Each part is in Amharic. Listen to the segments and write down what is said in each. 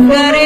Sabar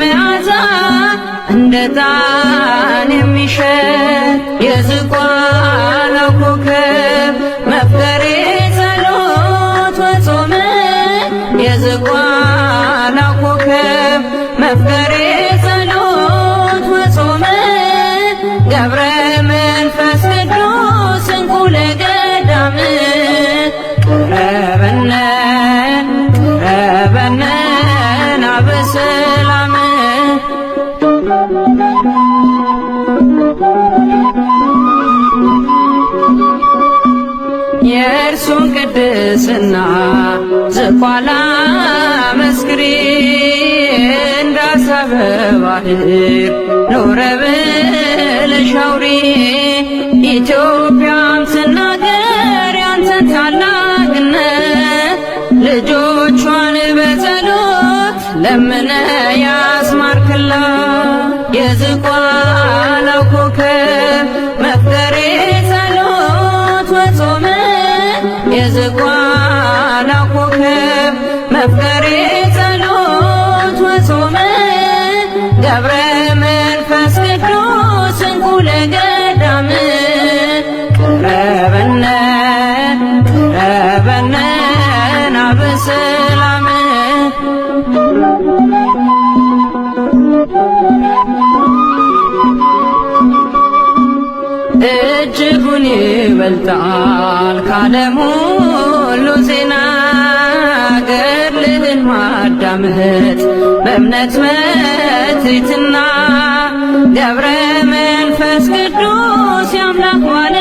መዓዛ እንደ ጣን የሚሸት የዝቋላ ኮከብ የእርሱን ቅድስና ዝቋላ መስክሪ እንዳሳበ ባህር ኖረ ብለሽ አውሪ ኢትዮጵያም ይበልጣል ካለም ሁሉ ዜና ገድልህን ማዳመጥ በእምነት መትሕትና ገብረ መንፈስ ቅዱስ ያምላክ ዋለ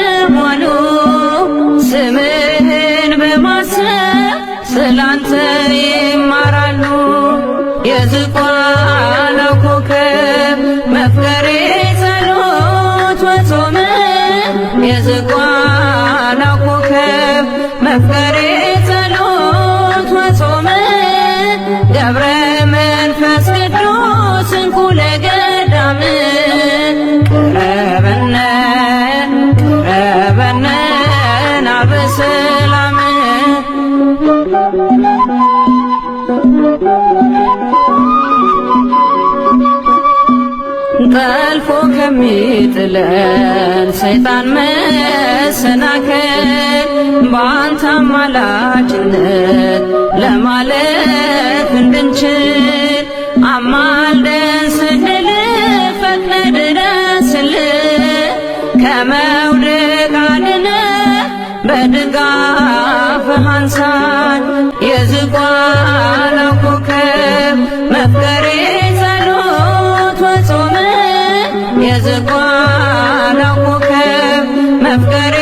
ጠልፎ ከሚጥለን ሰይጣን መሰናከል በአንተ አማላጅነት ለማለፍ እንድንችል አማልደን ስንል ፈጥነ ከመውደቅ በድጋፍ አንሳ ተደርጓል አወከም መፍቀሬ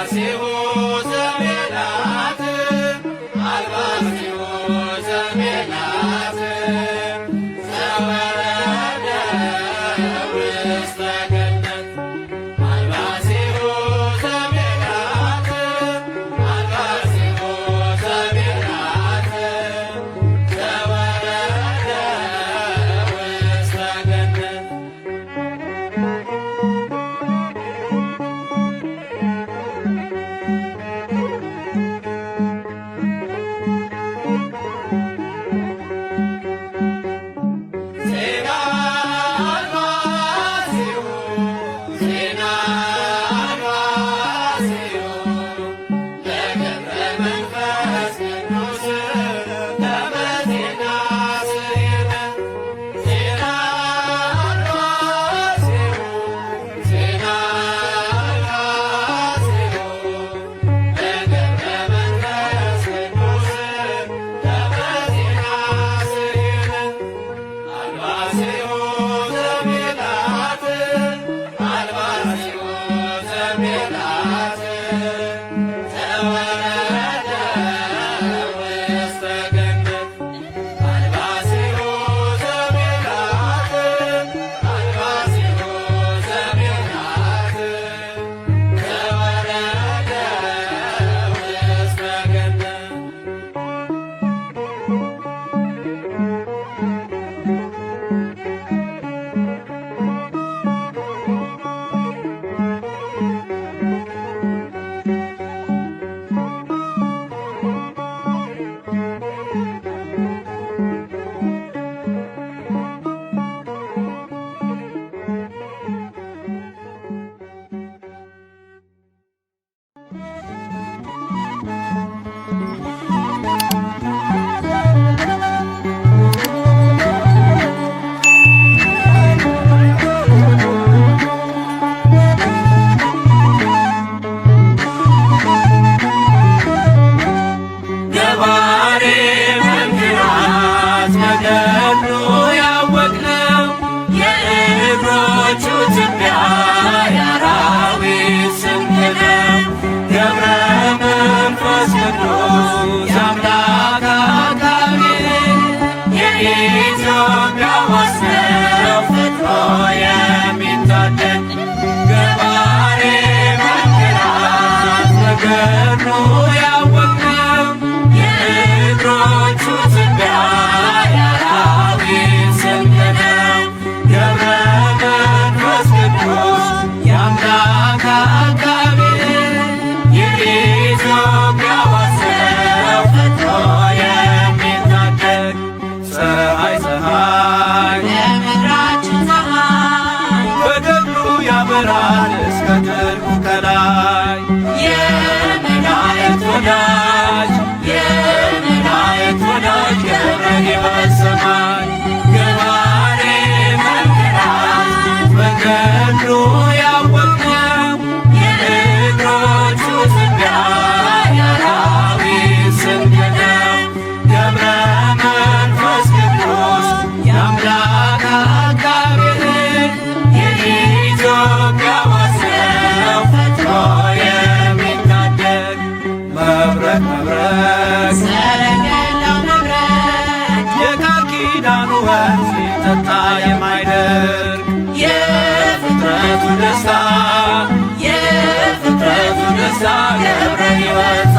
Pasivo. Messiah, bring you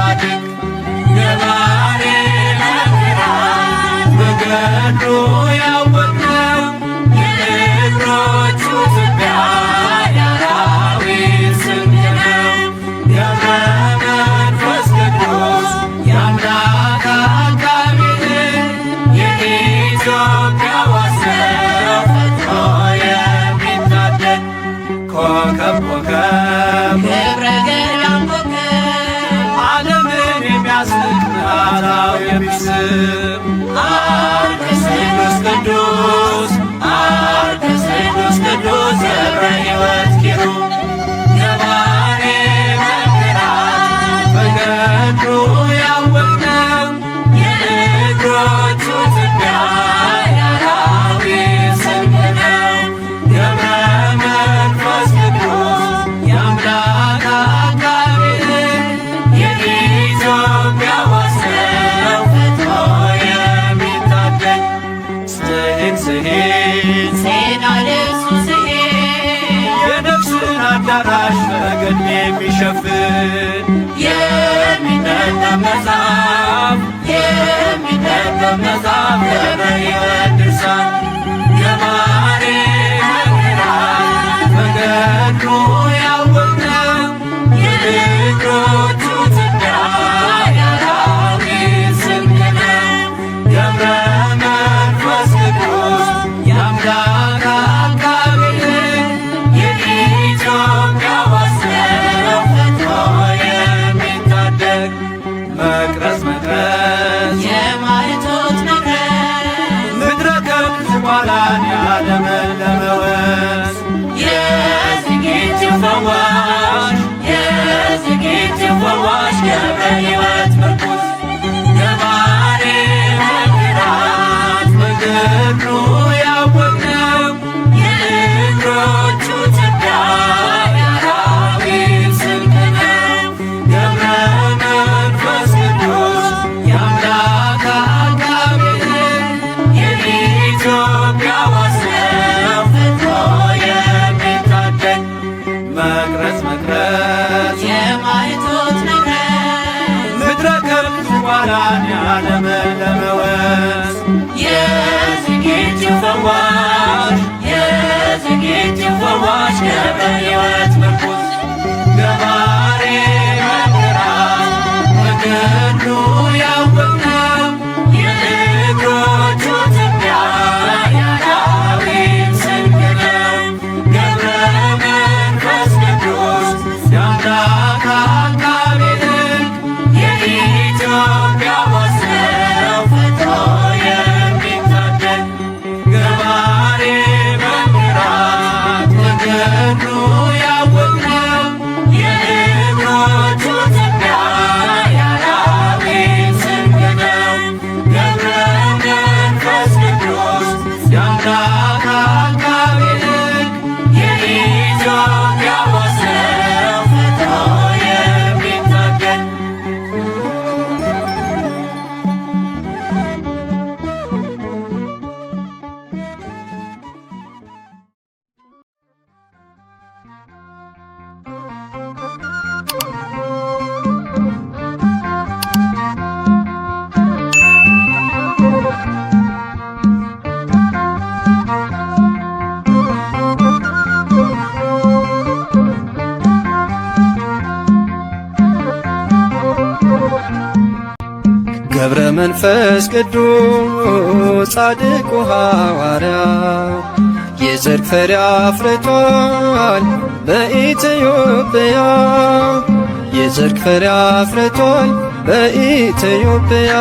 በመንፈስ ቅዱስ ጻድቁ ሐዋርያ የዘር ፍሬ አፍርቷል በኢትዮጵያ የዘር ፍሬ አፍርቷል በኢትዮጵያ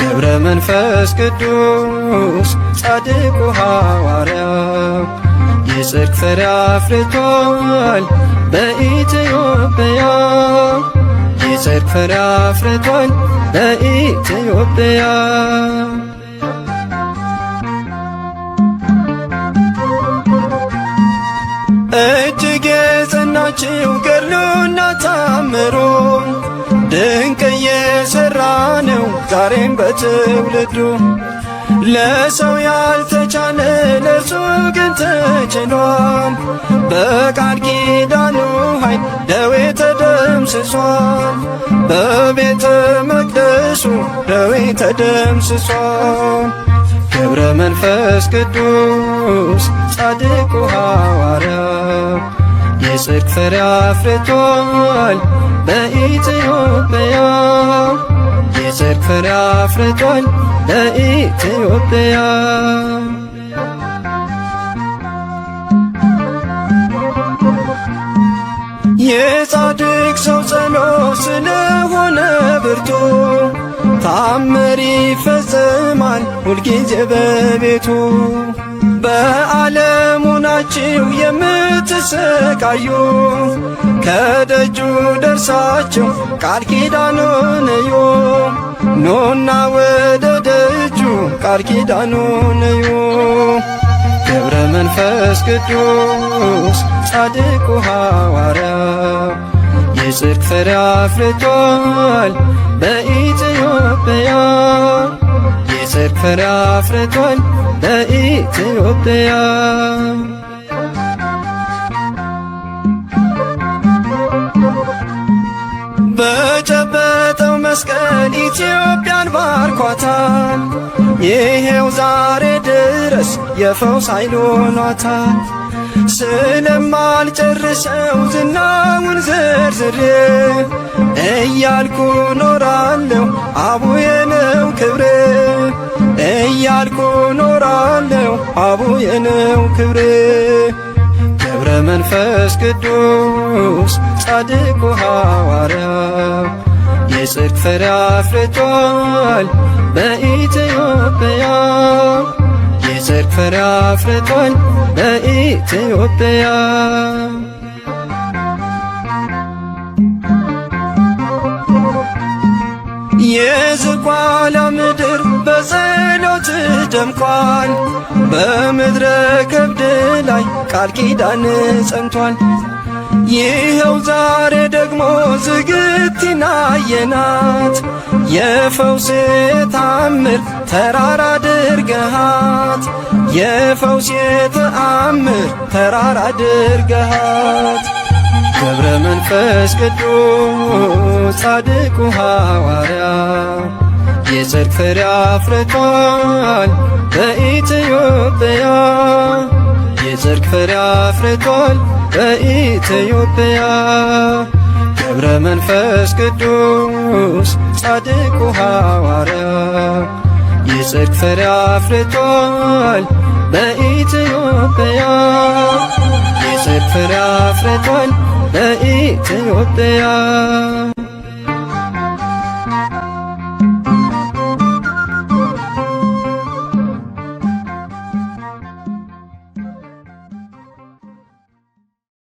ገብረ መንፈስ ቅዱስ ጻድቁ ሐዋርያ የጽድቅ ፍሬ አፍርቷል በኢትዮጵያ የጽድቅ ፍሬ አፍርቷል ለኢትዮጵያ። እጅግ የጸናችው ገድሉና ታምሩ ድንቅ እየሰራ ነው ዛሬም በትውልዱ ለሰው ያልተቻለ ለእርሱ ግን ተችሏል። በቃል ኪዳኑ ኃይል ደዌ ተደምስሷል። በቤተ መቅደሱ ደዌ ተደምስሷል። ገብረ መንፈስ ቅዱስ ጻድቁ ሐዋርያ የጽድቅ ፍሬ አፍርቷል በኢትዮጵያ የጽድቅ ፍሬ አፍርቷል ለኢትዮጵያ። የጻድቅ ሰው ጸሎት ስለሆነ ብርቱ ታምር ይፈጽማል ሁልጊዜ በቤቱ በዓለም የምትሰቃዩ ከደጁ ደርሳችሁ ቃል ኪዳኑን እዩ። ኖና ወደ ደጁ ቃል ኪዳኑን እዩ። ገብረ መንፈስ ቅዱስ ጻድቁ ሐዋርያ የጽድቅ ፍሬ አፍርቷል በኢትዮጵያ የምስር ፍሬ አፍርቷል ለኢትዮጵያ። በጨበጠው መስቀል ኢትዮጵያን ባርኳታል። ይሄው ዛሬ ድረስ የፈውስ ኃይል ሆኗታል። ስለማልጨርሰው ዝናውን ዝርዝር እያልኩ ኖራለሁ አቡዬ ነው ክብር እያልኩ ኖራለሁ አቡዬ ነው ክብሬ ገብረ መንፈስ ቅዱስ ጻድቁ ሐዋርያው የጽድቅ ፍሬ አፍርቷል በኢትዮጵያ የጽድቅ ፍሬ አፍርቷል በኢትዮጵያ የዝቋላ ምድር በጸሎት ደምቋል። በምድረ ከብድ ላይ ቃል ኪዳን ጸንቷል። ይኸው ዛሬ ደግሞ ዝግጅቱን አየናት። የፈውስ ተአምር ተራራ አድርገሃት የፈውስ ተአምር ተራራ አድርገሃት ገብረ መንፈስ ቅዱስ ጻድቁ ሐዋርያ የጽድቅ ፍሬ አፍርቷል በኢትዮጵያ የጽድቅ ፍሬ አፍርቷል በኢትዮጵያ ገብረ መንፈስ ቅዱስ ጻድቁ ሐዋርያ የጽድቅ ፍሬ አፍርቷል በኢትዮጵያ የጽድቅ ፍሬ አፍርቷል በኢትዮጵያ